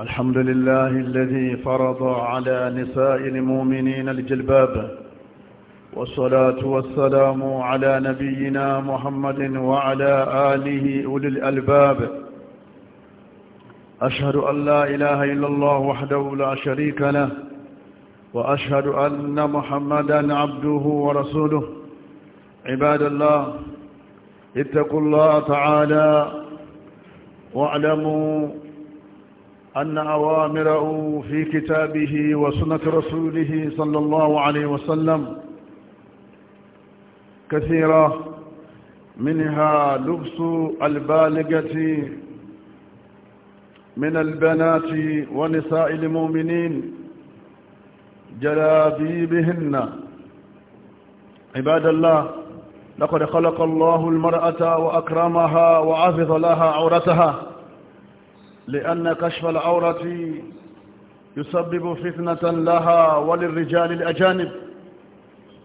الحمد لله الذي فرض على نساء المؤمنين الجلباب والصلاة والسلام على نبينا محمد وعلى آله أولي الألباب أشهد أن لا إله إلا الله وحده لا شريك له وأشهد أن محمدا عبده ورسوله عباد الله اتقوا الله تعالى واعلموا أن أوامره في كتابه وسنة رسوله صلى الله عليه وسلم كثيرة منها لبس البالغة من البنات ونساء المؤمنين جلابيبهن عباد الله لقد خلق الله المرأة وأكرمها وعفظ لها عورتها لأن كشف العورة يسبب فتنة لها وللرجال الأجانب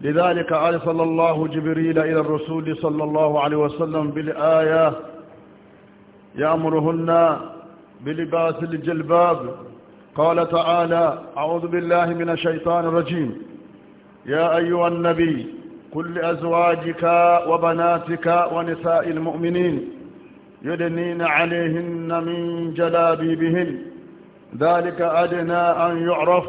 لذلك أرسل الله جبريل إلى الرسول صلى الله عليه وسلم بالآية يأمرهن بلباس الجلباب قال تعالى أعوذ بالله من الشيطان الرجيم يا أيها النبي كل أزواجك وبناتك ونساء المؤمنين يدنين عليهن من جلابيبهن ذلك أدنى أن يعرف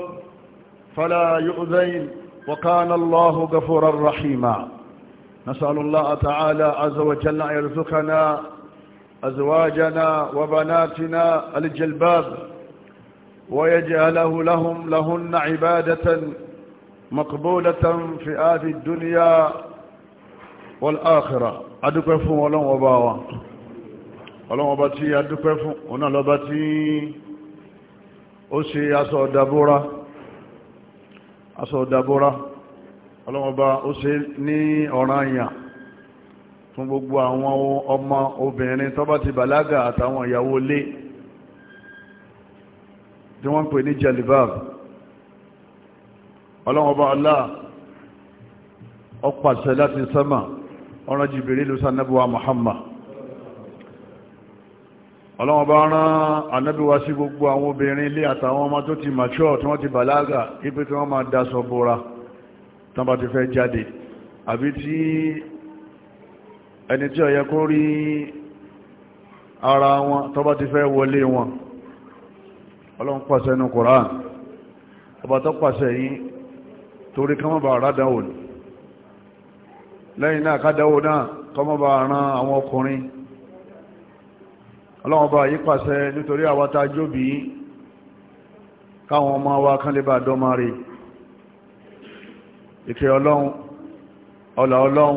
فلا يؤذين وكان الله غفورا رحيما نسأل الله تعالى عز وجل أن يرزقنا أزواجنا وبناتنا الجلباب ويجعله لهم لهن عبادة مقبولة في آذي الدنيا والآخرة أدوك فهم ولهم ọlọ́run ọba tí a dúpẹ́ fún òun náà lọ́ba tí ó ṣe aṣọ ọ̀dàbóra aṣọ ọ̀dàbóra ọlọ́run ọba ó ṣe ní ọ̀ràn àyàn fún gbogbo àwọn ọmọ obìnrin tó bá ti bàlágà àtàwọn ìyàwó lé tí wọ́n ń pè ní jalibab ọlọ́run ọba Allah ó láti sánmà ọ̀ràn jìbìrì lùsànàbùwà Muhammad ọlọ́wọ́n bá rán ànábì wa sí gbogbo àwọn obìnrin ilé àtàwọn ọmọ tó ti mature tí wọ́n ti bàlágà ipé tí wọ́n máa daṣọ bora tán bá ti fẹ́ jáde àbí tí ẹni tí ó yẹ kó rí ara wọn tó bá ti fẹ́ wọlé wọn ọlọ́run pàṣẹ ní koran ọba tó pàṣẹ yìí torí kọmọba àrádáwò lẹ́yìn náà kádáwò náà kọmọba àrán àwọn ọkùnrin ọlọ́wọ́ba bá nítorí àwátá jóbi káwọn ọmọ wa kán lè bá dọ́mà rè ìkẹ́ ọlọ́run ọlà ọlọ́run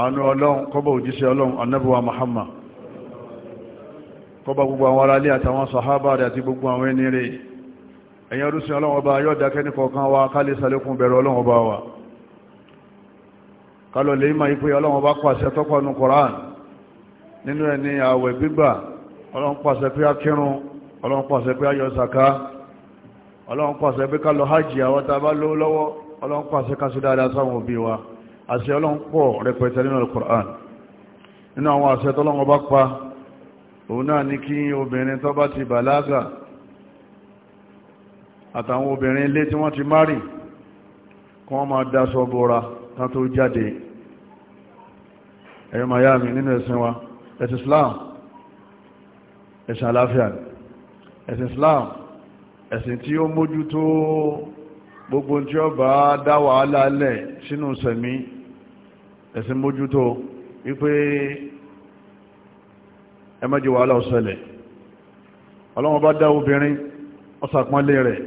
àánú ọlọ́run kọ́bọ̀ òjíṣẹ́ ọlọ́run anábíwá Muhammad kọ́bọ̀ gbogbo àwọn aráalé àtàwọn sàhábà àti gbogbo àwọn ẹni wa ẹni àwẹ̀ gbígbà ọlọ́run pàṣẹ pé akírun ọlọ́run pàṣẹ pé ayọ̀ sàká ọlọ́run pàṣẹ pé ká lọ hajj àwọn tá a bá lówó lọ́wọ́ ọlọ́run pàṣẹ ká sí dáadáa sáwọn òbí wa àṣẹ ọlọ́run pọ̀ rẹpẹtẹ nínú alukur'an nínú àwọn àṣẹ tọ́lọ́run bá pa òun náà ní kí obìnrin tó bá ti bàlágà àtàwọn obìnrin ilé tí wọ́n ti márì kí wọ́n máa dáṣọ bora kan tó jáde ẹ̀yọ́ miami nínú ẹ̀sìn wa ẹ̀sìn islam ẹ̀sìn àlàáfíà ẹ̀sìn Islam ẹ̀sìn tí ó mójútó gbogbo tí ó bá dá wàhálà lẹ̀ sínú sẹ̀mí ẹ̀sìn mójútó wípé ẹ ala wàhálà ọlọ́wọ́n bá dá obìnrin ọ̀sàpọ́nlé rẹ̀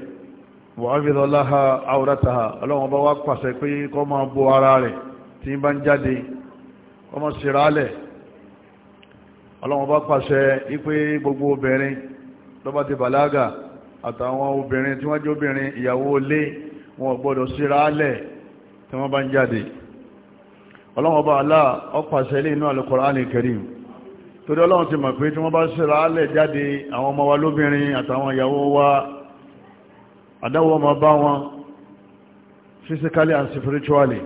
ọlọ́wọ́n bá wá pàṣẹ pé máa bo ara rẹ̀ tí ọlọ́run bá pàṣẹ ipé gbogbo obìnrin tó bá ti bàlágà àtàwọn obìnrin tí wọ́n jẹ́ obìnrin ìyàwó ilé wọn gbọ́dọ̀ síra álẹ̀ tí wọ́n bá ń jáde ọlọ́run bá alá ó lé inú Al-Qur'an Karim torí ọlọ́run ti mọ̀ pé tí wọ́n bá síra álẹ̀ jáde àwọn ọmọ wa lóbìnrin àtàwọn ìyàwó wa àdáwọ̀ ọmọ bá wọn physically and spiritually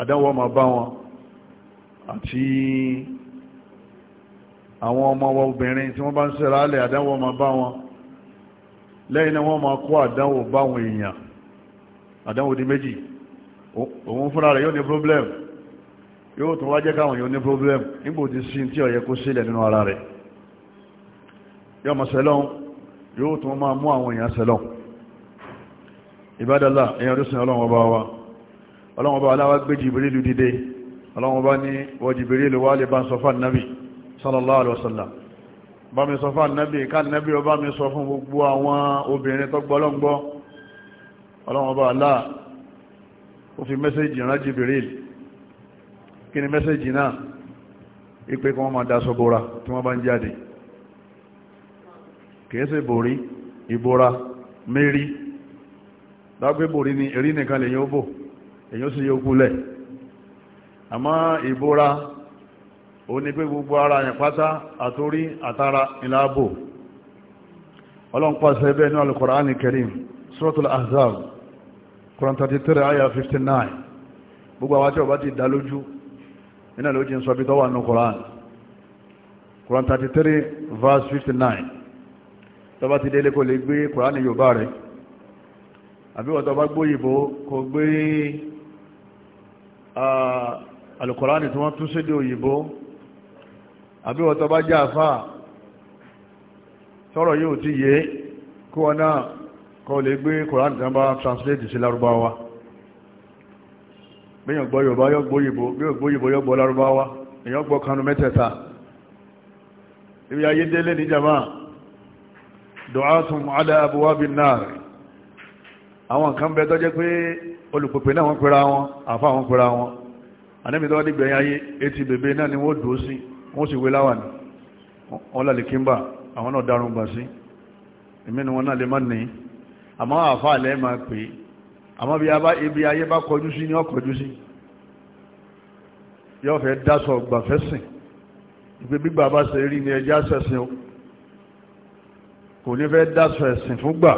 àdáwọ̀ ọmọ bá wọn àti àwọn ọmọ wa obìnrin tí wọ́n bá ń sẹ́ra alẹ́ àdánwò máa bá wọn lẹ́yìn náà wọ́n máa kó àdánwò bá wọn èèyàn àdánwò di méjì òun fúnra rẹ̀ yóò ní problem yóò tún wá jẹ́ káwọn yóò ní problem nígbò tí sí tí ọ̀yẹ́ kó sílẹ̀ nínú ara rẹ̀ yóò mọ̀ sẹ́lọ́n yóò tún máa mú àwọn èèyàn sẹ́lọ́n ìbádọ́lá èèyàn tó sin ọlọ́run ọba wa ọlọ́run ọba aláwá gbé Jibrilu dìde ọlọ́run ọba ní wọ́n Jibrilu wá lè bá ń sallallahu alaihi wasallam bá mi sọ fún ànábì ká ànábì ó bá mi sọ fún gbogbo àwọn obìnrin tó gbọ́ lọ́ngbọ́ ọlọ́wọ́n bá aláà ó fi mẹ́sẹ́jì rán Jibril kí ni mẹ́sẹ́jì náà ipé kí wọ́n máa dá sọ́bọ́ra tí wọ́n bá ń jáde kìí ṣe bòrí ìbora mérí dágbé bòrí ni èrí nìkan lèyàn ó bò èyàn sì yóò kúlẹ̀ àmọ́ ìbora ó ní pé gbogbo ara yẹn pátá àtórí àtara ìlàbò ọlọ́npàṣẹ ẹbẹ́ ní Al-Qur'an Al-Karim Quran 33 ayah 59 gbogbo àwọn tí ó bá ti dá lójú iná ló jí ń sọ bí tọ́wà ní Quran 33 verse 59 tó bá ti délé kò lè gbé Quran Yorùbá rẹ̀ àbíwọ̀ tó bá gbóyìnbó kò gbé ah, al tí wọ́n tún sédé àbí wọ́n tọ́ bá jẹ́ àfáà sọ̀rọ̀ yóò ti yé kó wọn náà kọ́ lè gbé koran tán bá translate sí lárúbáwá bíyàn gbọ́ yorùbá yóò gbóyìnbó yóò gbóyìnbó yóò lárúbáwá èyàn gbọ́ kanu mẹ́tẹ̀ẹ̀ta ibi ayé délé ní jama du'atun ala abwabi an-nar àwọn kan bẹ tọ́jẹ́ pé olùpẹ̀pẹ̀ náà wọ́n pẹ̀ra wọn àfá wọn pẹ̀ra wọn anẹ́mìtọ́wọ́dìgbẹ̀yìn ayé etí bèbè náà ni wọ́n dùn sí wọ́n sì wé láwà ní wọ́n lálẹ́ kímbà àwọn náà dárùn gbà sí ìmínú wọn náà lè má ní àmọ́ àfá alẹ́ máa pè é àmọ́ ibi ayé bá kọjú sí ní ọkọjú sí yóò fẹ́ dásọ gbàfẹ́sìn ìpé gbígbà bá ṣe rí ní ẹjá sẹ̀sìn o kò ní fẹ́ dásọ ẹ̀sìn fún gbà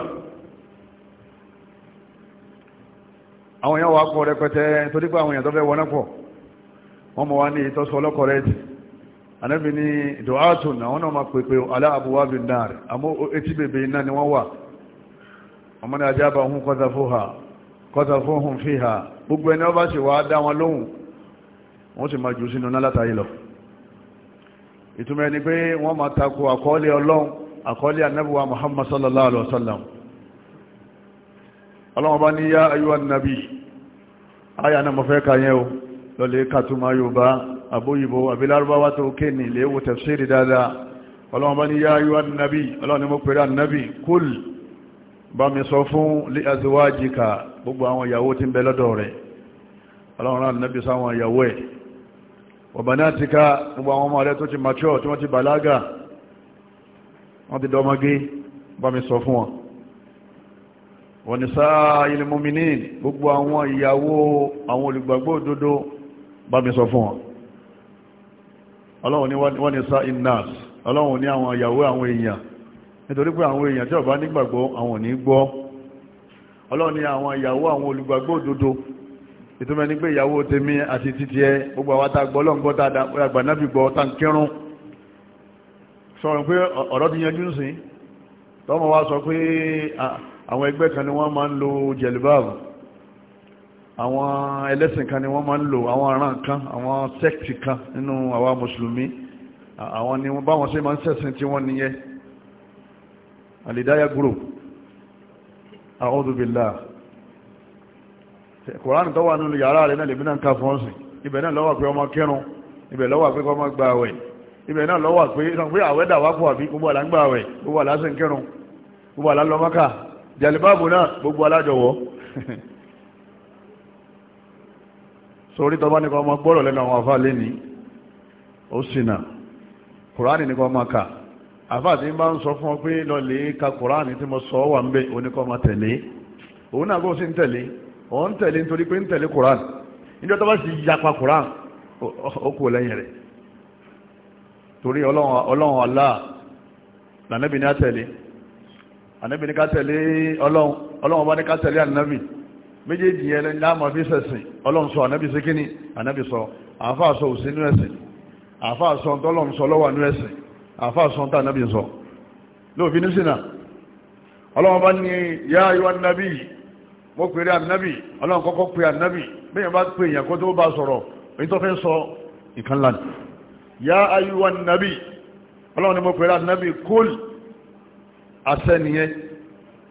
àwọn èèyàn wà pọ̀ rẹpẹtẹ torí àwọn èèyàn tó fẹ́ wọná wọ́n mọ̀ wá ní ìtọ́sọ ọlọ́kọ̀ rẹ̀ tì anábì ní dùhátùn àwọn náà ma pèpè aláàbúwá bí náà rẹ̀ àmọ́ etí bèbè iná ni wọ́n wà ọmọ ní ajábà hún kọ́ta fún hún fi ha gbogbo ẹni ọba sì wá dá wọn lóhùn wọ́n sì ma jù sínú náà látàrí lọ ìtumọ̀ ẹni pé wọ́n ma takò àkọọ́lẹ̀ ọlọ́run àkọọ́lẹ̀ anábìwá muhammad sallallahu alaihi wa àbóyìnbó àbílárúbáwá tó ké ní ilé wò tafsiri dáadáa ọlọ́wọ́n bá ní yá yíwá nàbí ọlọ́wọ́n ni mo pèrè ànàbí kúl bá mi sọ fún li azwajika gbogbo àwọn ìyàwó tí ń bẹ lọ́dọ̀ rẹ̀ ọlọ́wọ́n rán ànàbí sáwọn ìyàwó ẹ̀ wa banatika wọ́n ti bàlágà bá mi sọ fún wọn wọ́n ni sáà ilẹ̀ mọ́mìnín gbogbo àwọn ìyàwó àwọn olùgbàgbọ́ òdodo bá mi sọ fún wọn ọlọ́run ní wọ́n ní sá inas ọlọ́run ní àwọn ìyàwó àwọn èèyàn nítorí pé àwọn èèyàn tí ó bá nígbàgbọ́ àwọn ò ní gbọ́ ọlọ́run ní àwọn ìyàwó àwọn olùgbàgbọ́ òdodo ìtumẹ̀ ní pé ìyàwó tèmi àti títí ẹ gbogbo àwọn tá gbọ́ lọ́ngbọ́ dáadáa àgbà náà fi gbọ́ tá ń kírun àwọn ẹlẹ́sìn kan ni wọ́n máa ń lò àwọn aràn kan àwọn sẹ́kìtì kan nínú àwa mùsùlùmí àwọn ni báwọn ṣe máa ń sẹ̀sìn tí wọ́n nìyẹn àlìdáyà group àwọ́dúbìlá kòránì tó wà nínú yàrá rẹ̀ náà lè bí náà ká fún ọ̀sìn ibẹ̀ náà lọ́wà pé ọmọ kírun ibẹ̀ lọ́wà pé ọmọ gba àwẹ̀ ibẹ̀ náà lọ́wà pé ìsànfẹ́ àwẹ́dà wápò àbí gbogbo àlá ń gba àwẹ̀ gbogbo àlá sí ń kírun gbogbo àlá lọ Mákà náà gbogbo alájọwọ́ sórí tọ́ba nípa ọmọ gbọ́rọ̀ lẹ́nu àwọn àfáà lẹ́ni ó ṣìnà kùránì nípa ọmọ bá ka kùránì tí mo sọ wà ń bẹ oníkọ́ ọmọ tẹ̀lé òun náà kó ń tẹ̀lé tẹ̀lé nítorí pé ń tẹ̀lé kùránì sì yapa kùránì ó kú lẹ́yìn rẹ̀ torí ọlọ́run ọlá tẹ̀lé méjèèjì yẹn láàmà fi sẹ̀sìn ọlọ́run sọ ànábì sí kíní ànábì sọ àáfàá sọ òsì nú ẹ̀sìn àáfàá sọ tọ́lọ́run sọ lọ́wọ́ nú ẹ̀sìn àáfàá sọ tá ànábì sọ lóòfin ní sínà ọlọ́run bá ní yá ayọ́ ànábì mo pèrè ànábì ọlọ́run kọ́kọ́ pè ànábì bẹ́ẹ̀ bá pè èèyàn kó tó bá sọ̀rọ̀ èyí tó fẹ́ sọ ìkan lánà yá ayọ́ ànábì ọlọ́run ni mo pèrè ànábì kúl àṣẹ nìyẹn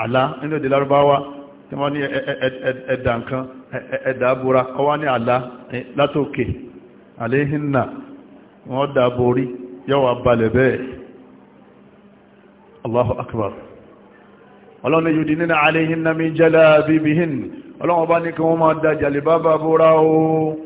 àlá nílẹ̀ èdè lárúbáwá tí wọ́n ní ẹ̀dà nǹkan ẹ̀dà abúra ọwá ní àlá látòkè àléhìnnà wọ́n dà borí yọ́wà balẹ̀ bẹ́ẹ̀ Allahu akbar ọlọ́run yìí nínú àléhìnnà mi jẹ́lá bíbíhìn ọlọ́run bá ní kí wọ́n máa da jàlìbábà búra o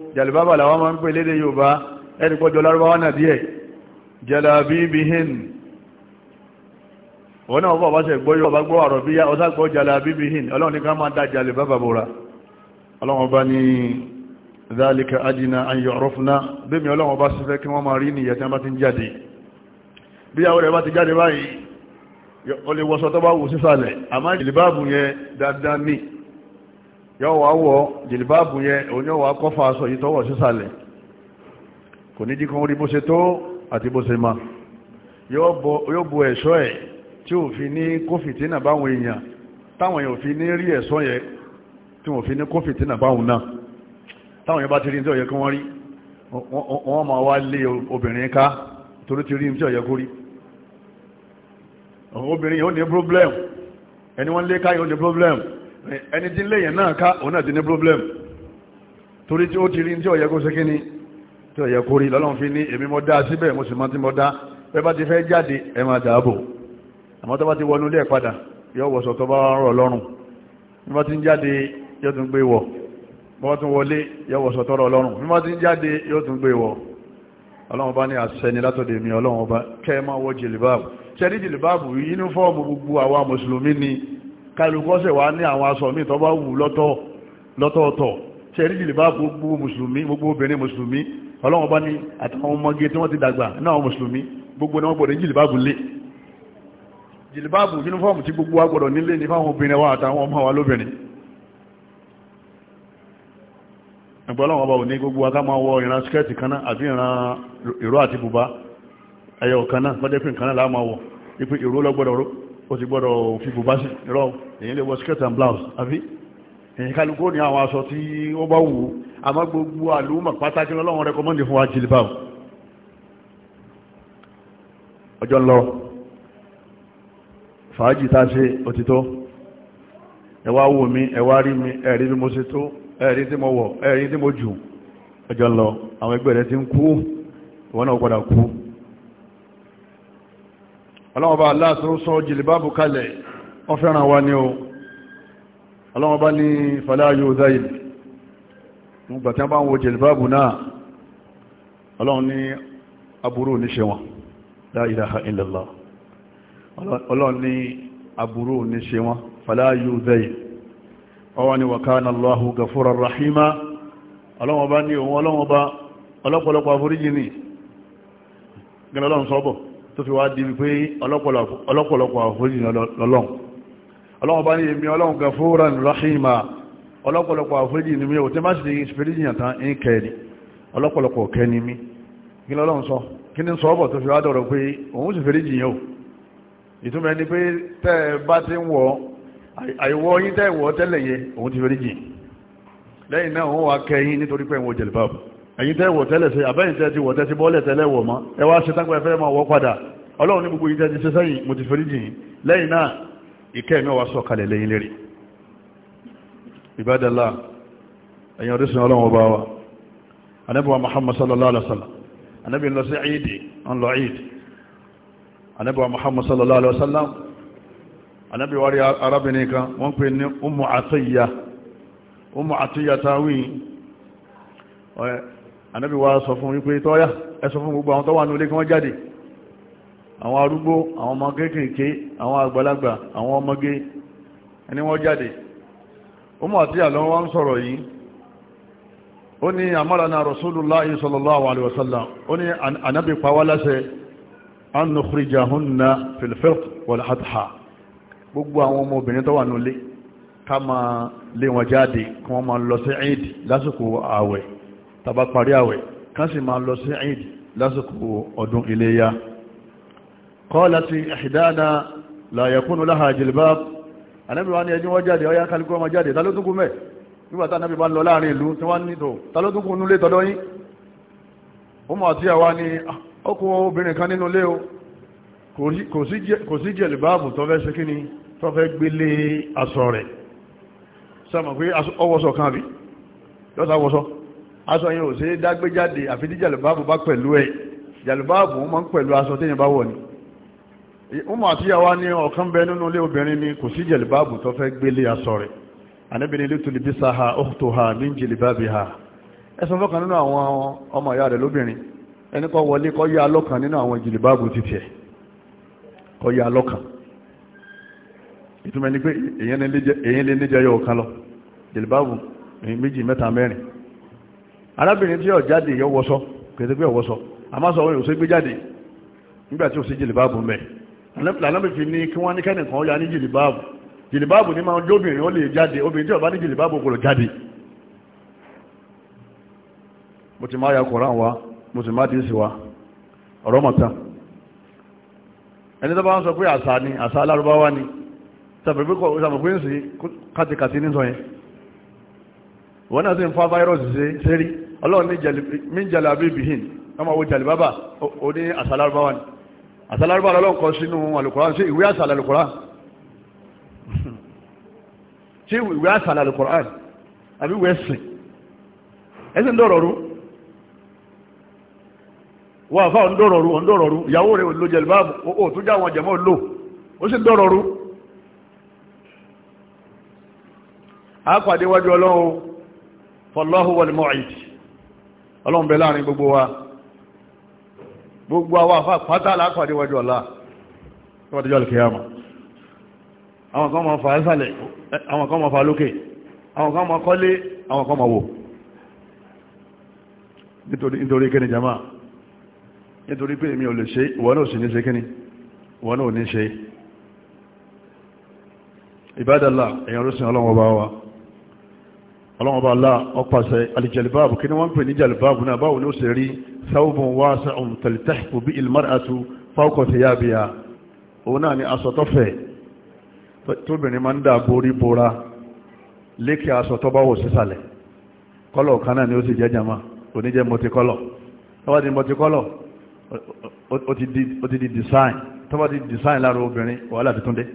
òun náà bọ̀ bá ṣe gbọ́ yóò bá gbọ́ àrọ̀ bí ọsá gbọ́ jalè àbíbí hìn ọlọ́run ní ká máa dá jalè bábà bóra ọlọ́run bá ní dhalika adina an yu'rafna bẹ́mi ọlọ́run bá sífẹ́ kí wọ́n máa rí nìyẹn tí wọ́n bá ti ń jáde bí àwọn rẹ̀ bá ti jáde báyìí ó lè wọṣọ tó bá wù yóò bo ẹ̀ṣọ́ ẹ̀ tí ò fi ní kófìtínà báwọn èèyàn táwọn èèyàn fi ní rí ẹ̀sọ́ yẹ tí wọ́n fi ní kófìtínà báwọn náà táwọn èèyàn bá ti rí tí ó kí wọ́n rí wọ́n máa wá lé obìnrin ká torí ti rí tí ó kó rí obìnrin yóò ní problem ẹni wọ́n lé ká yóò ní problem ẹni tí léyìn náà ká òun náà ti ní problem torí tí ó ti rí tí ó kó ṣe ni tí ó kó rí lọ́lọ́run fi ní èmi mo dá síbẹ̀ mo sì máa ti mo dá bẹ́ẹ̀ bá ti fẹ́ jáde ẹ máa dàbò àmọ́ tó bá ti wọnú lẹ́ padà yóò wọ̀sọ̀ tó bá rọ̀ lọ́rùn bí wọ́n ti ń jáde yóò tún gbé wọ̀ bí wọ́n tún wọlé yóò wọ̀sọ̀ tó rọ̀ lọ́rùn bí wọ́n ti ń jáde yóò tún gbé wọ̀ ọlọ́run bá ní àṣẹ ni látọ̀dẹ̀ mi ọlọ́run ọba kẹ́ ẹ máa wọ jìlìbáàbù ṣẹ́rí jìlìbáàbù yúnífọ́ọ̀mù gbogbo àwa mùsùlùmí ni kálukọ́sẹ̀ wá ní àwọn aṣọ mi tó bá wù lọ́tọ̀ọ̀tọ̀ ṣẹ́rí jìlìbáàbù gbogbo mùsùlùmí gbogbo obìnrin mùsùlùmí ọlọ́run bá ní àtàwọn ọmọge tí wọ́n ti dàgbà náà mùsùlùmí gbogbo ni wọ́n gbọ́dọ̀ jìlìbáàbù lé jìlìbáàbù yúnífọ́ọ̀mù tí gbogbo wa gbọ́dọ̀ nílé ní fáwọn obìnrin wa àtàwọn ọmọ wa lóbìnrin ìgbọ́lọ́wọ́ ọba ò ní gbogbo wa ká máa wọ ìran skẹ́ẹ̀tì kaná àti ìran ìró àti bùbá ẹyọ kaná gbọ́dẹ́pìn kaná láàmà wọ ipò ìró lọ́gbọ́dọ̀ ró ó ti gbọ́dọ̀ fi bùbá sí ìró èyí lè wọ skẹ́ẹ̀tì and blouse àbí èyí kálukú ní àwọn aṣọ tí ó bá wù ú àmọ́ gbogbo àlùmọ̀ pátákì lọ́lọ́wọ́n rẹ́kọ́mọ́ndì fún wa jìlìbáàbù ọjọ́ fàájì tá a ṣe òtítọ́ ẹ wá wò mí ẹ wá rí mi ẹ rí bí mo ṣe tó ẹ rí tí mo wọ̀ ẹ rí tí mo jù ọjọ́ lọ àwọn ẹgbẹ́ rẹ ti ń kú ìwọ náà padà kú ọlọ́wọ́ bá aláàtún sọ jìlìbábù kalẹ̀ wọ́n fẹ́ràn wa ní o ọlọ́wọ́ ní fàláyò zayin nígbà tí wọ́n bá ń wo jìlìbábù náà ọlọ́wọ́ ní aburú oníṣẹ́ wọn la ọlọ́run ní aburú ní ṣe wọn fàláyù zai ọwọ́ ni wàkánà Allahu gafúra rahima ọlọ́wọ́n bá ní òun ọlọ́wọ́n bá ọlọ́pọ̀lọpọ̀ àforíjì ní gẹ́lẹ́ ọlọ́run sọ́bọ̀ tó fi wá di wípé ọlọ́pọ̀lọpọ̀ àforíjì lọ́lọ́run ọlọ́wọ́n bá ní èmi ọlọ́run gafúra rahima ọlọ́pọ̀lọpọ̀ àforíjì ní mi ò tẹ́ má sì fìríjì yàtàn ń kẹ́ni ọlọ́pọ̀lọpọ̀ kẹ́ni mi gẹ́lẹ́ ọlọ́run ìtumọ̀ ẹni pé tẹ́ ẹ bá ti ń wọ̀ àìwọ̀ yín tẹ́ ìwọ̀ tẹ́lẹ̀ yẹ òun ti fẹ́rí jìn lẹ́yìn náà òun wà kẹyìn nítorí pé ìwọ̀ jẹ̀lẹ̀ báàbù ẹ̀yin tẹ́ ìwọ̀ tẹ́lẹ̀ sí àbẹ́yìn tẹ́ ti wọ̀ tẹ́ ti bọ́ọ̀lẹ̀ tẹ́lẹ̀ wọ̀ mọ́ ẹ wá ṣe tán pé fẹ́ máa wa Muhammad sallallahu alaihi wasallam. sallam anábì ń lọ sí ẹ̀yìn dì Ànábì wa Muhammad sallallahu alaihi wasallam Ànábì wa rí arábìnrin kan wọ́n pè ní Ummu Atiyya Ummu Atiyya tawí Ànábì wa sọ fún wípé tọ́yá ẹ sọ fún gbogbo àwọn tó wà nílé kí wọ́n jáde àwọn arúgbó àwọn ọmọ kéékèèké àwọn àgbàlagbà àwọn ọmọge ẹni wọ́n jáde Ummu Atiyya lọ́wọ́ wọ́n sọ̀rọ̀ yìí ó ní amárànà Rasulullahi sallallahu alaihi wasallam ó an nukhrijahunna fil firq wal adha gbogbo àwọn ọmọbìnrin tó wà nílé ká máa lé wọn jáde kí wọ́n máa lọ sí eid lásìkò ààwẹ̀ tàbá parí ààwẹ̀ kán sì máa lọ sí eid lásìkò ọdún iléyá qalati ihdana la yakunu laha jilbab anábì wá ní ẹjú wọ́n jáde ọya kálukú ọkùn obìnrin kan nínú ilé o kò sí jẹ̀lì báàbù tó fẹ́ ṣe kí ni tó fẹ́ gbélé aṣọ rẹ̀ sọmọ̀ pé ọwọ́sọ kan bí yọ́ta wọ́sọ aṣọ yẹn ò sí dágbéjáde àfi tí jẹ̀lì báàbù bá pẹ̀lú ẹ̀ jẹ̀lì wọ́n pẹ̀lú aṣọ téèyàn bá ha ní jẹ̀lì báàbì ha ẹ̀sán fọ́kàn nínú àwọn ọmọ ìyá rẹ̀ lóbìnrin ẹni kọ́ wọlé kọ́ yá lọ́kàn nínú àwọn jìlìbáàbù ti tiẹ̀ kọ́ yá lọ́kàn ìtumẹ̀ ni pé èyàn lè níjẹ yọ ọ̀kan lọ jìlìbáàbù méjì mẹ́ta mẹ́rin arábìnrin tí ó jáde yọ wọṣọ kẹsẹ́ pé ọwọ́sọ àmọ́ sọ òun òṣègbè jáde nígbà tí ó sí jìlìbáàbù mẹ́ lànàbìfì ní kí wọ́n ní kẹ́nìkan ya ní jìlìbáàbù jìlìbáàbù ní máa jóbìnrin ó lè jáde obìnrin tí ó bá ní jìlìbáàbù kò lè jáde mo ti máa ya Kùránì wa mùsùlùmí àti ìsìwá ọ̀rọ̀ mọ̀tán ẹni tó bá ń sọ pé àṣà ni àṣà alárúbáwá ni sàmùpínsì kàtìkàtì ní sọ yẹn wọ́n náà sì ń fa fáírọ́ọ̀sì sérí ọlọ́run ní jẹ̀lẹ̀ àbíbìhìn ọmọ owó jẹ̀lẹ̀ bábà ó ní àṣà alárúbáwá ni àṣà alárúbáwá lọ́lọ́run kọ sínú alùkùrán sí ìwé àṣà alùkùrán ẹ̀sìn ẹ̀sìn dọ̀rọ̀ wọ́n àfá ọ̀ndọ̀rọ̀rú ọ̀ndọ̀rọ̀rú ìyàwó rẹ̀ ló jẹ̀lú báàbù ó tó já àwọn jẹ̀mọ́ lò ó sì dọ̀rọ̀rú a pàdé wájú ọlọ́run fọlọ́hù wal mau'id ọlọ́run bẹ láàrin gbogbo wa gbogbo àwọn àfá pátá lápàdé wájú ọlá tọ́wọ́dé jọ́ alkiyama àwọn kan ma fa jama'a nítorí pé èmi ò lè ṣe ìwọ náà sì ní ṣe kíní ìwọ náà ò ní ṣe ìbádàlá èyàn ló sin ọlọ́wọ́ bá wa ọlọ́wọ́ bá lá ọpàṣẹ alìjẹ̀lìbáàbù kí ni wọ́n ń pè ní jẹ̀lìbáàbù náà báwo ló ṣe rí sáwùbùn wá sàùn tẹ̀lítẹ́kù bí ilmaratu fáwọkọ̀ sí yá bíya ó ti di design tó bá ti design lára obìnrin wàhálà ti tún dé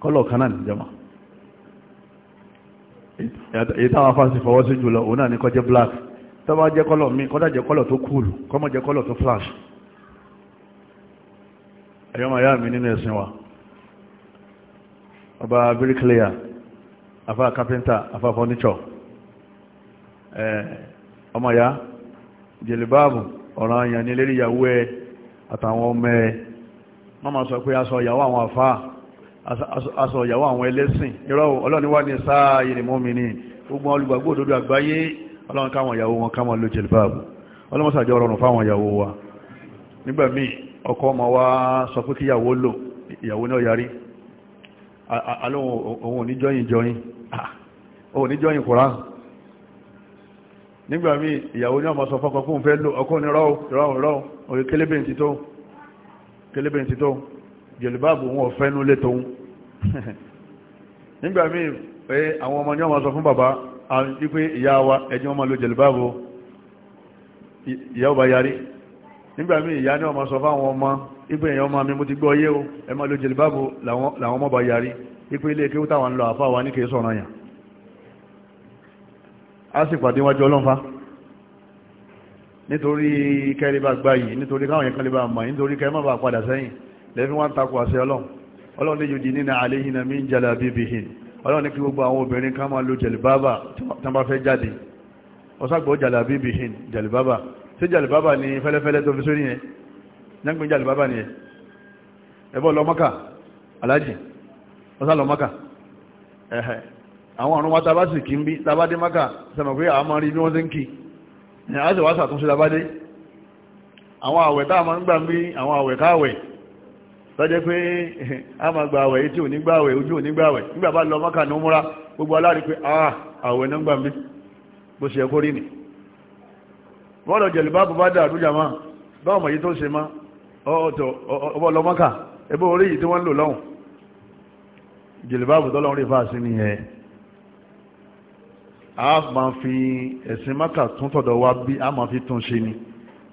kọ́lọ̀ kan náà nìjọba èyí táwọn afáàsì fọwọ́ sí jùlọ òun náà ní kó jẹ́ black tó bá jẹ́ kọ́lọ̀ mi kọ́dá jẹ́ kọ́lọ̀ tó cool kọ́mọ́ jẹ́ kọ́lọ̀ tó flash ẹ̀yọ́mọ̀ yá mi nínú ẹ̀sìn wa ọba bricklayer afa carpenter afa furniture ọmọ ya jẹ̀lẹ̀báàbù ọ̀ràn àyàn ní lérí ìyàwó ẹ àtàwọn ọmọ ẹ mọ́mà sọ pé aṣọ ìyàwó àwọn àfá aṣọ ìyàwó àwọn ẹlẹ́sìn irọ́ ọlọ́ni wà ní sáà ìrìnmọ́mí ni gbogbo olùgbàgbọ́ òdodo àgbáyé ọlọ́run káwọn ìyàwó wọn káwọn ló jẹ̀lbáàbù ọlọ́mọ́sàjọ́ ọrọ̀rùn fáwọn ìyàwó wa nígbà míì ọkọ ọmọ wa sọ pé kí ìyàwó lò ìyàwó náà yarí alóhun nígbà míì ìyàwó ní ọmọ sọ fọ́kọ fún fẹ́ lò ọkọ ní rọ́ọ̀ rọ́ọ̀ rọ́ọ̀ oye kélébìnrin tó kélébìnrin tó jẹ̀lúbáàbù wọn ọ̀fẹ́ ní olè tóun nígbà míì pé àwọn ọmọ ní ọmọ sọ fún bàbá wípé ìyá wa ẹni ọmọ lo jẹ̀lúbáàbù ìyá ọba yarí nígbà míì ìyá ní a sì pàdé wájú ọlọ́nfà nítorí kẹ́lẹ́bà gbá yìí nítorí káwọn yẹn kẹ́lẹ́bà mọ̀ nítorí kẹ́ má bàa padà sẹ́yìn lẹ́fí wọ́n takò àṣẹ ọlọ́run ọlọ́run ní yòdì nínú àléhìnà mí ń jẹ́lá bíbí hìn ọlọ́run ní kí gbogbo àwọn obìnrin ká máa lo jẹ̀lìbábà tán bá fẹ́ jáde ọ̀sàgbọ́ jàlá bíbí ẹ̀hẹ̀ àwọn àrùn wata bá sì kí ń bí labádé maka sẹ́mọ̀ pé a máa rí bí wọ́n sí ń kí ni a sì wá sàtúnṣe labádé àwọn àwẹ̀ tá a máa ń gbà ń bí àwọn àwẹ̀ káàwẹ̀ tọ́jẹ́ pé a máa gba àwẹ̀ etí òní gbàwẹ̀ ojú òní gbàwẹ̀ nígbà bá lọ maka ní múra gbogbo aláàrí pé a ah, àwẹ̀ ní gbà ń bí ni bọ́ọ̀lọ̀ a máa fi ẹ̀sìn maka tún tọ̀dọ̀ wa bí a máa fi tún ṣe ni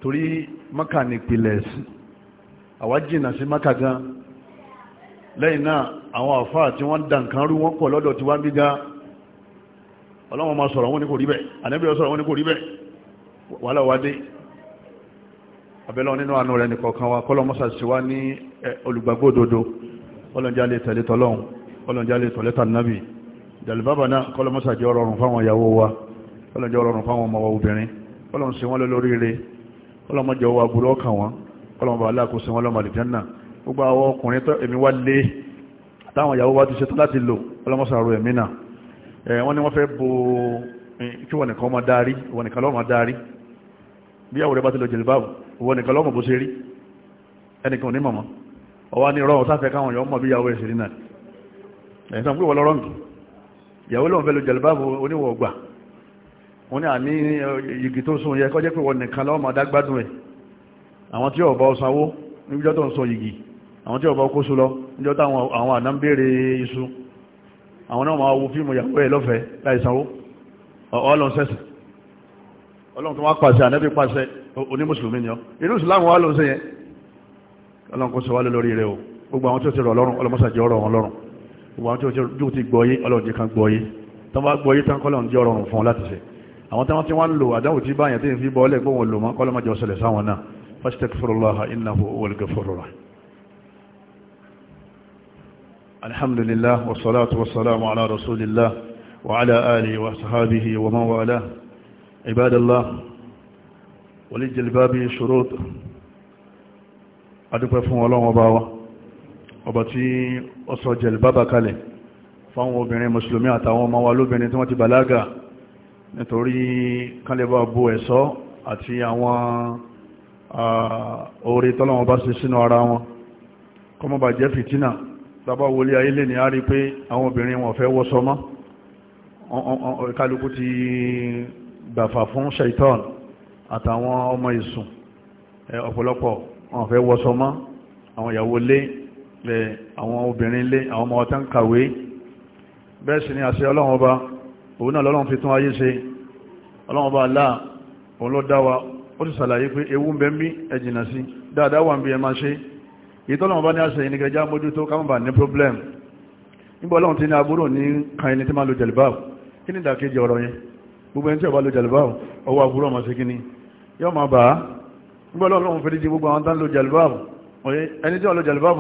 torí maka ní ìpìlẹ̀ ẹ̀sìn àwa jìnnà sí maka gan lẹ́yìn náà àwọn àfáà tí wọ́n dà nǹkan rú wọ́n pọ̀ lọ́dọ̀ tí wọ́n bí gan ọlọ́wọ́n máa sọ̀rọ̀ wọn ní kò rí bẹ́ẹ̀ ànábì sọ̀rọ̀ wọn ní kò rí bẹ́ẹ̀ wàhálà wa dé abẹ́lọ́ nínú àánú rẹ̀ nìkọ̀ọ̀kan wa kọ́lọ́ mọ́sà sí wá ní olùgbàgbọ́ òdodo ọlọ́njálẹ̀ tẹ̀lé tọ́lọ́hun ọlọ́njálẹ̀ tọ̀lẹ́tà nábì jàlùbábà náà kọlọmọ́sà jẹ́ ọrọ̀rùn fáwọn ìyàwó wa kọlọmọ́jẹ́ ọrọ̀rùn fáwọn ọmọ wa obìnrin kọlọmọ́ sí wọ́n lọ lórí rẹ̀ kọlọmọ́jẹ́ ọwọ́ aburú ọkàn wọn kọlọmọ́bà aláàkó sí wọ́n lọ́mọ àlìjánà gbogbo àwọn ọkùnrin tó èmi wá lé táwọn ìyàwó wa ti ṣetán láti lò kọlọmọ́sà ro ẹ̀mí náà wọ́n ní wọ́n fẹ́ bo kí wọ́n nìkan máa darí wọ́n nìkan lọ́mọ darí bí àwọn rẹ̀ bá ti lọ jẹ̀lúbáàbù wọ́n nìkan lọ́mọ bó ṣe rí ẹnìkan ò ní mọ̀mọ́ ọwá ní rọrùn sáfẹ́ káwọn yọ ọmọ bí ìyàwó ẹ̀ ṣe ìyàwó lòun fẹ́ lo jẹ̀lúbáàbù oníwọ̀ ọgbà wọ́n ní àní igi tó sùn yẹ kó jẹ́ pé wọ́n nìkan lọ́wọ́ máa dágbádùn ẹ̀ àwọn tí ọba ọsanwó níjọ́ tó ń sọ yìgì àwọn tí ọba kóso lọ níjọ́ táwọn àwọn àná ń béèrè iṣu àwọn náà máa wo fíìmù ìyàwó ẹ̀ lọ́fẹ̀ẹ́ láì sanwó ọlọ́run sẹ́sẹ̀ ọlọ́run tó wá pàṣẹ ànẹ́bí gbogbo àwọn tí ó ti gbọ́yé ọlọ́ọ̀dẹ́ kan gbọ́yé tán bá gbọ́yé tán kọ́lọ̀ ń jẹ́ ọ̀rọ̀ fún láti ṣe àwọn tán tí wọ́n ń lò àdáwò tí báyẹ̀ tí ń fi bọ́ lẹ́gbọ́n wọn lò mọ́ kọ́lọ́ mọ́jọ ṣẹlẹ̀ sáwọn náà fastaghfirullaha innahu huwal ghafurur rahim ọba tí ó sọ jẹ̀lì bábà kalẹ̀ fáwọn obìnrin mùsùlùmí àtàwọn ọmọ wa lóbìnrin tí wọ́n ti bàlágà nítorí kálẹ̀bà bo ẹ̀ṣọ́ àti àwọn orí tọ́lọ́wọ́n bá ṣe sínú ara wọn kọmọba jẹ́ fìtínà tàbá wọlé ayé lè ní a rí pé àwọn obìnrin wọn fẹ́ wọ́sọ mọ́ kálukú ti gbàfà fún shaitan àtàwọn ọmọ ìsùn ọ̀pọ̀lọpọ̀ wọn fẹ́ wọ́sọ mọ́ àwọn ìyàwó lé lè àwọn obìnrin lé àwọn ọmọ ọ̀tá ń kàwé bẹ́ẹ̀ sì ni àṣẹ ọlọ́run ọba òun náà lọ́lọ́run fi tún ayé ṣe ọlọ́run ọba aláà òun ló dá wa ó ti sàlàyé pé ewu ń bẹ ń bí ẹ sí dáadáa wà ń bí ẹ máa ṣe ìtọ́lọ́wọ́n bá ní problem nígbà ọlọ́run ti ní agbóró ní kan ẹni tí máa lo jẹ̀lìbáwò kí ní ìdàkejì ọ̀rọ̀ yẹn gbogbo ẹni tí ó bá lo jẹ̀lìbáwò ọwọ́ agbóró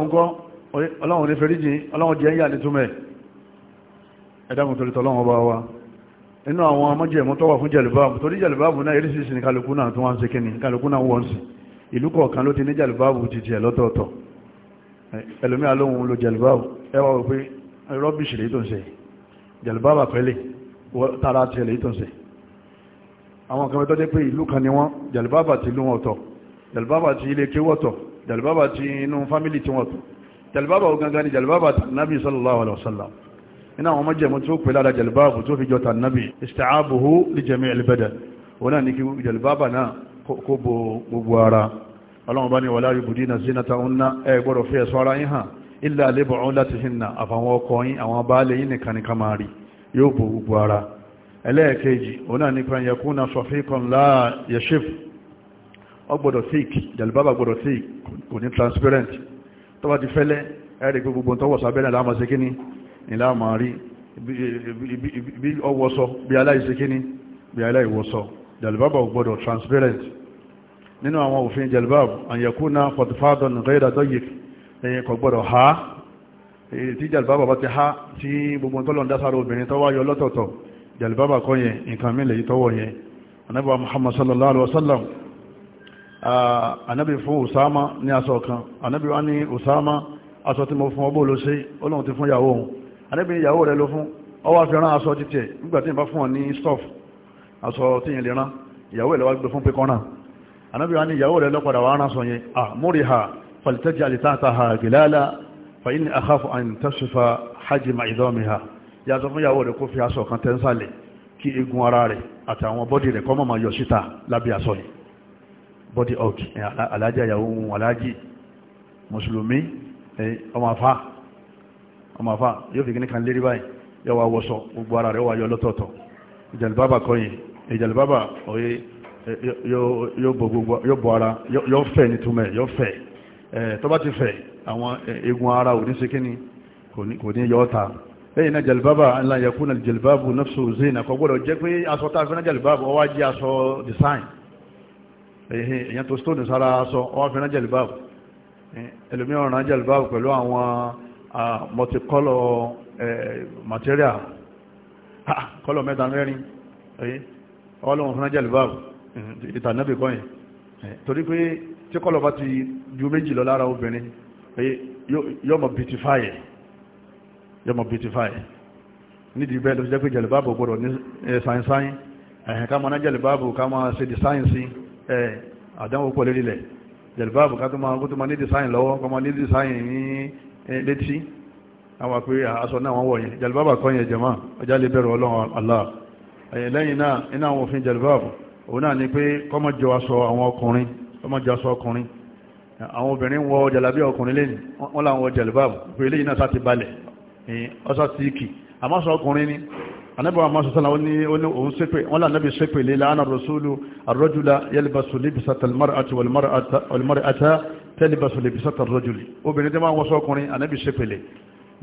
ń kọ́ ọlọ́run ní fẹ́ríjì ọlọ́run jẹ́ yà nítumẹ̀ ẹ̀dàkùn torí tọ́lọ́run ọba wa inú àwọn amọ́jẹ̀mú tọ́wà fún jẹ̀lúbáàbù torí jẹ̀lúbáàbù náà eréṣìṣì ní kálukú náà tó wá ń ṣe kíni kálukú náà wọ́n sí ìlú kọ̀ọ̀kan ló ti ní jẹ̀lúbáàbù ti tiẹ̀ lọ́tọ̀ọ̀tọ̀ ẹlòmí alóhun lo jẹ̀lúbáàbù ẹ wá wò pé rọ́bìṣì lè tó ń ṣe jẹ̀lúbáàbù àpẹẹlẹ̀ inú fámìlì tí wọ́n ọ̀tọ̀ jalibaba o gangan ni jalibaba tànàbí sallallahu alaihi wasallam iná àwọn májẹ̀mú tó pè lára jalibaba tó fi jọ tànàbí ista'abuhu li jami' al-badan wọn náà ní kí jalibaba náà kó bo gbogbo ara ọlọ́run bá ní wala yubdina zinatahunna ẹ gbọ́dọ̀ fi ẹ̀sọ́ ara yín hàn illa li bu'ulatihinna àfàwọn ọkọ yín àwọn baálé yín nìkan ní kamari yóò bo gbogbo ara ẹlẹ́ẹ̀kejì wọn náà ní kan yakuna safiqan la yashif ọgbọ́dọ̀ thick jalibaba gbọ́dọ̀ thick kò ní transparent tó bá ti fẹ́lẹ́ ẹ̀rẹ́ gbogbo tó wọ̀sọ abẹ́rẹ́ láàmà sí kíní ìlàmà rí bí ọwọ́sọ bí aláìsí kíní bí aláìwọ́sọ jalibaba ò transparent nínú àwọn òfin jalibab àyẹ̀kúnná fọ̀tífádọ́n rẹ́dà dọ́yìk ẹ̀yìn ha tí jalibaba bá ti ha tí gbogbo tọ́lọ̀ ń dásáró obìnrin tó wáyọ lọ́tọ̀ọ̀tọ̀ jalibaba kọ́ yẹn nǹkan yìí sallallahu alaihi wasallam Ah, ànábì fún Usama ní aṣọ kan ànábì wá ní Usama aṣọ tí mo fún ọbọ̀ ló ṣe Ọlọ́run ti fún ìyàwó òun ànábì ìyàwó rẹ̀ ló fún ọwọ́ fi rán aṣọ títẹ̀ nígbàtí ìbá fún ọ ní stuff aṣọ tí lè rán ìyàwó ìlọ́wà gbé fún pẹ́kọ́nà ànábì wá ní ìyàwó rẹ̀ lọ́padà wà rán aṣọ yẹn à múrí ha falitẹ́jì alìtàta ha gìláàlá fàyín àkáfù àyìn tẹ́sùfà body out alájì àyàwó ohun alájì mùsùlùmí ọmọ afá ọmọ afá yóò fi kíníkan lérí báyìí yóò wá wọ́sọ gbogbo ara rẹ̀ wà yọ lọ́tọ̀ọ̀tọ̀ ìjàlùbábà kọyìn ìjàlùbábà òye yóò bọ̀ ara yóò fẹ̀ nítumẹ̀ yóò fẹ̀ tó bá ti fẹ̀ àwọn egun ara ò ní sí kíní kò ní yọ ọ́ta lẹ́yìn náà jàlùbábà ńlá yẹkún náà jàlùbábù náà sòzé náà kò jẹ́ pé aṣọ tá a fẹ́ náà jàlùbábù ọwá jẹ́ aṣọ design èyàn tó stóòdì sára aṣọ wọ́n fi rán jẹ̀lìbáàbù ẹlòmíràn rán jẹ̀lìbáàbù pẹ̀lú àwọn multicolor material kọ́lọ̀ mẹ́ta mẹ́rin ọlọ́run fún jẹ̀lìbáàbù ìtànẹ́bì kọ́yìn torí pé tí kọ́lọ̀ bá ti ju méjì lọ lára obìnrin yóò mọ̀ beautify yóò beautify nídìí bẹ́ẹ̀ ló ti jẹ́ pé jẹ̀lìbáàbù gbọ́dọ̀ ní sáyẹnsáyẹn ẹ̀hẹ̀ ká máa àdánwò pọ̀ lérí lẹ̀ jẹ̀lbáàbù ká tó máa kó tó máa ní design lọ́wọ́ kọ́ máa ní design ní létí àwọn àpé aṣọ náà wọ́n wọ̀ yẹn jẹ̀lbáàbù kọ́ yẹn jẹ̀mọ́ ọjà lè bẹ̀rù ọlọ́run Allah lẹ́yìn náà iná àwọn òfin jẹ̀lbáàbù òun náà ni pé kọ́mọ jọ aṣọ àwọn ọkùnrin kọ́mọ jọ aṣọ ọkùnrin àwọn obìnrin wọ jàlábí ọkùnrin lẹ́yìn wọ́n làwọn jẹ̀lbáàbù pé eléyìí náà sá ti balẹ̀ ọsá síìkì àmọ́ aṣọ ọkùnrin ni anábàá máa sọ́sọ́nà ó ní òun ṣépè wọ́n lá nábì ṣépè lè lánà rọ̀súlù àrọ́jùlá yẹlìbàṣù lébìsàtà almari ata tẹ́lìbàṣù lébìsàtà rọ́jùlì obìnrin tí máa wọ́sọ ọkùnrin anábì ṣépè lè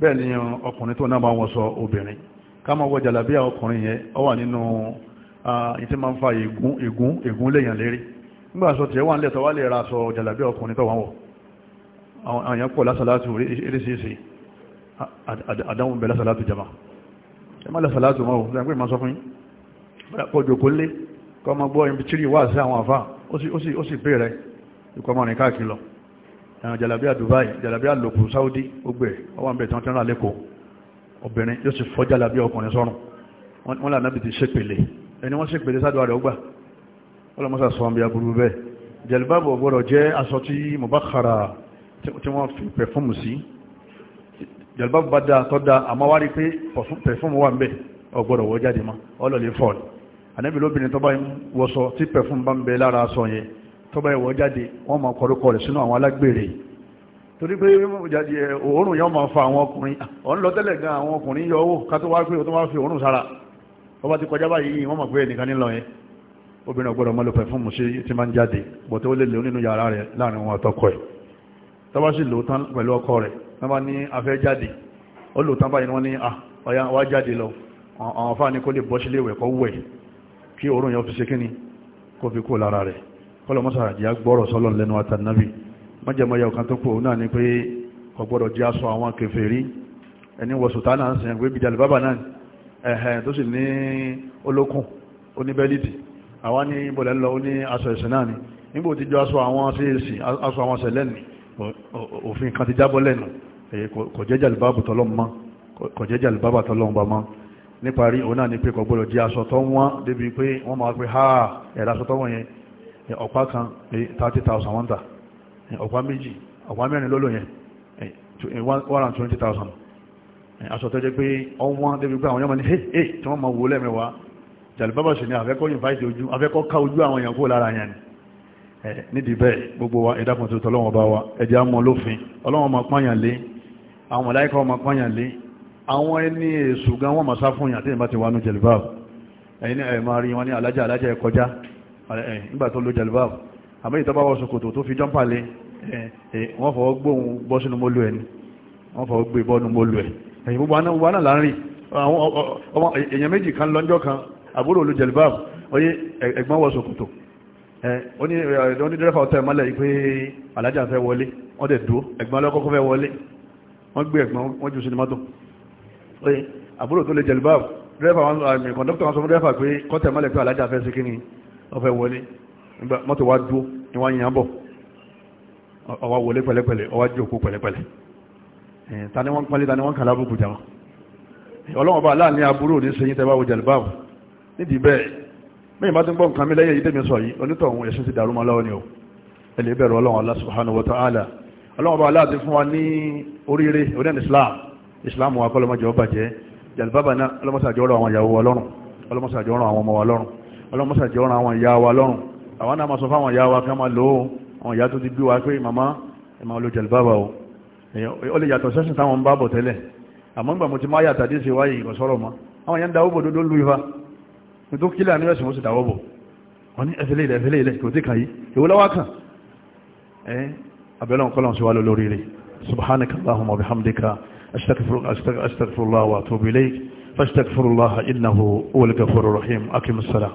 bẹ́ẹ̀ ni ọkùnrin tó náà máa wọ́sọ obìnrin ká máa wọ jàlábíà ọkùnrin yẹn ó wà nínú ìtí máa ń fa ègún léèyàn lérí nígbà sọ tiẹ̀ wà ń lẹ́tọ̀ wá lè ra sọ jàlábíà ọkùnrin ẹ má lọ sàlátù mọ́ òun pé ìmọ̀ sọ fún yín kó jòkó lé kọ́ ọmọ gbọ́ ibi tírì wà sí àwọn àfà ó sì pè rẹ ikọ̀ ọmọ káàkiri lọ ẹ̀rùn jàlàbíà Dubai jàlàbíà lòkù Saudi ogbè ọwọ́n bẹ̀ tán tẹ́rà lẹ́kọ̀ọ́ obìnrin yóò sì fọ́ jàlàbíà ọkùnrin sọ́rùn wọ́n lànà bìí ti ṣépele ẹni wọ́n ṣépele sádùá rẹ̀ ọgbà ọlọ́mọsà sọ àmì aburú bẹ́ẹ̀ jàlàbíà bọ̀ gbọ́dọ̀ jẹ́ aṣọ tí wọ́n fi pẹ̀fọ́mù sí jẹ̀lbá bá dáa tọ́ da àmọ́ wá rí pé pẹ̀fúmù wà ń bẹ̀ ọgbọ́dọ̀ wọ́ jáde mọ́ ọlọ́lẹ̀ fọ́ọ̀lì ànábì lóbìnrin tọ́ba wọṣọ tí pẹ̀fúmù bá ń bẹ lára aṣọ yẹn tọ́ba ìwọ́ jáde wọ́n máa kọrúkọ rẹ̀ sínú àwọn alágbèrè torí pé òórùn yẹn máa fa àwọn ọkùnrin ọ̀n lọ tẹ́lẹ̀ gan àwọn ọkùnrin yọ owó ká tó wá pé ó tó wá fi òórùn sára ọba ti kọjá báyìí wọ́n mọ̀ pé ẹnìkan nílọ yẹn obìnrin ọgbọ́dọ̀ mọ́ lo sí ti máa ń jáde bọ̀tẹ́ ó lè lè nínú yàrá rẹ̀ láàrin wọn àtọkọ ẹ̀ tọ́bá sì lò tán pẹ̀lú ọkọ rẹ̀ wọ́n bá ní afẹ́ jáde ó lò tán báyìí wọ́n ní ah, ọ̀yá wá jáde lọ àwọn afá ní kó lè bọ́ sílé ìwẹ̀ kó wẹ̀ kí òórùn yẹn fi ṣe kíni kó fi kó lára rẹ̀ kọ́lọ̀ ni pé kò gbọ́dọ̀ jẹ́ aṣọ àwọn kèfèrí ẹni wọ sùtánà ń sìn ẹgbẹ́ bìdàlì bábà ni nígbò tí jọ aṣọ àwọn sí èsì aṣọ àwọn sẹ̀lẹ́nì òfin kan ti jábọ́ lẹ́nu kò jẹ́ jàlùbáàbù tọ́lọ́mù mọ́ kò jẹ́ jàlùbáàbù tọ́lọ́mù bá mọ́ níparí òun náà ni pé kò gbọ́dọ̀ jẹ́ aṣọ tó wọ́n débi pé wọ́n máa pé ha ẹ̀rọ aṣọ tó wọ́n yẹn ọ̀pá kan thirty thousand wọ́n tà ọ̀pá méjì ọ̀pá mẹ́rin lólò yẹn one twenty thousand aṣọ tó jẹ́ pé ọwọ́n débi pé àwọn yọ́mọ ní hey hey tí wọ́n máa wò lẹ́mẹ̀wá jàlùbáàbù sì ni àfẹ́kọ́ invite ojú ni nídìí bẹ́ẹ̀ gbogbo wa ìdákùn tó tọ́lọ́wọ́n bá wa ẹ̀jẹ̀ amọ̀ lófin ọlọ́wọ́n máa pààyàn lé àwọn màláíkà ọmọ pààyàn lé àwọn ẹni èṣù gan wọ́n máa sá fún yàn tí ìbá ti wà ní jẹ̀lúbáàbù ẹ̀yìn ẹ̀ máa rí wọn ní alájà alájà ẹ̀kọjá nígbà tó lo jẹ̀lúbáàbù àmì ìtọ́bá wọ ṣòkòtò tó fi jọ́mpà lé wọ́n fọwọ́ gbóhun onídẹ́rẹ́fà ọ̀tọ́ ẹ̀mọ́lẹ̀ yìí pé alájà fẹ́ wọlé wọ́n dẹ̀ dúó ẹ̀gbọ́n ọlọ́kọ́kọ́ fẹ́ wọlé wọ́n gbé ẹ̀gbọ́n wọ́n jù sinimá tó oye àbúrò tó lè jẹ̀lú báwò dẹ́rẹ́fà wọn àmì kọ̀ǹdọ́kítọ̀ wọn sọ fún dẹ́rẹ́fà pé kọ́tẹ̀ ẹ̀mọ́lẹ̀ pé alájà fẹ́ sí kíni wọ́n fẹ́ wọlé mọ́tò wá dúó ni wọ́n yìnyín bọ̀ ọwá wọlé pẹ̀lẹ́pẹ̀lẹ́ ọwá jòkó pẹ̀lẹ́pẹ̀lẹ́ ta ni wọ́n pálí ta ni wọ́n kàlábùkù jà wọn ọlọ́wọ́n bá aláàní àbúrò ní sẹ́yìn tẹ́wàá wọ jẹ̀lú báwò nídìí bẹ́ẹ̀ mẹ́yìn bá ti ń gbọ́ nǹkan mi lẹ́yìn yìí tẹ́mi sọ yìí onítọ̀hún ẹ̀sùn ti dàrú mọ́ lọ́wọ́ ni o ẹ̀lẹ́ bẹ̀rù ọlọ́run Allah subhanahu wa ta'ala ọlọ́run bá aláàtí fún wa ní oríire orílẹ̀ islam islam wa kọ́ lọ́mọdé ọba jẹ́ jalibaba náà ọlọ́mọsàjọ́ ọ̀rọ̀ àwọn ìyàwó wa lọ́rùn ọlọ́mọsàjọ́ ọ̀rọ̀ àwọn ọmọ wa lọ́rùn ọlọ́mọsàjọ́ ọ̀rọ̀ àwọn ìyá wa lọ́rùn àwọn náà máa sọ fáwọn ìyá wa kí wọ́n máa lò ó àwọn ìyá tó ti bí wa pé màmá ẹ máa lo jalibaba o ó lè yàtọ̀ sẹ́sìn táwọn ń bá bọ̀ tẹ́lẹ̀ àmọ́ ń gbà mo ti máa yàtàdé ṣe wáyé ìkọ̀sọ́rọ̀ mọ́ àwọn yẹn ń da ó bòdodo lu ifá nítorí kílà ní ẹ̀sùn wọ́n sì dáwọ́ bọ̀ wọ́n ní ẹ̀fẹ́lẹ́ ilẹ̀ ẹ̀fẹ́lẹ́ ilẹ̀ kò tí kàn yìí èwo lọ́wọ́ kàn ẹ́ abẹ́lẹ́ ọ̀kọ́lọ́ sí wa lórí rẹ̀ subhanaka allahumma wa bihamdika astaghfirullah wa atubu ilayk fastaghfirullah innahu huwal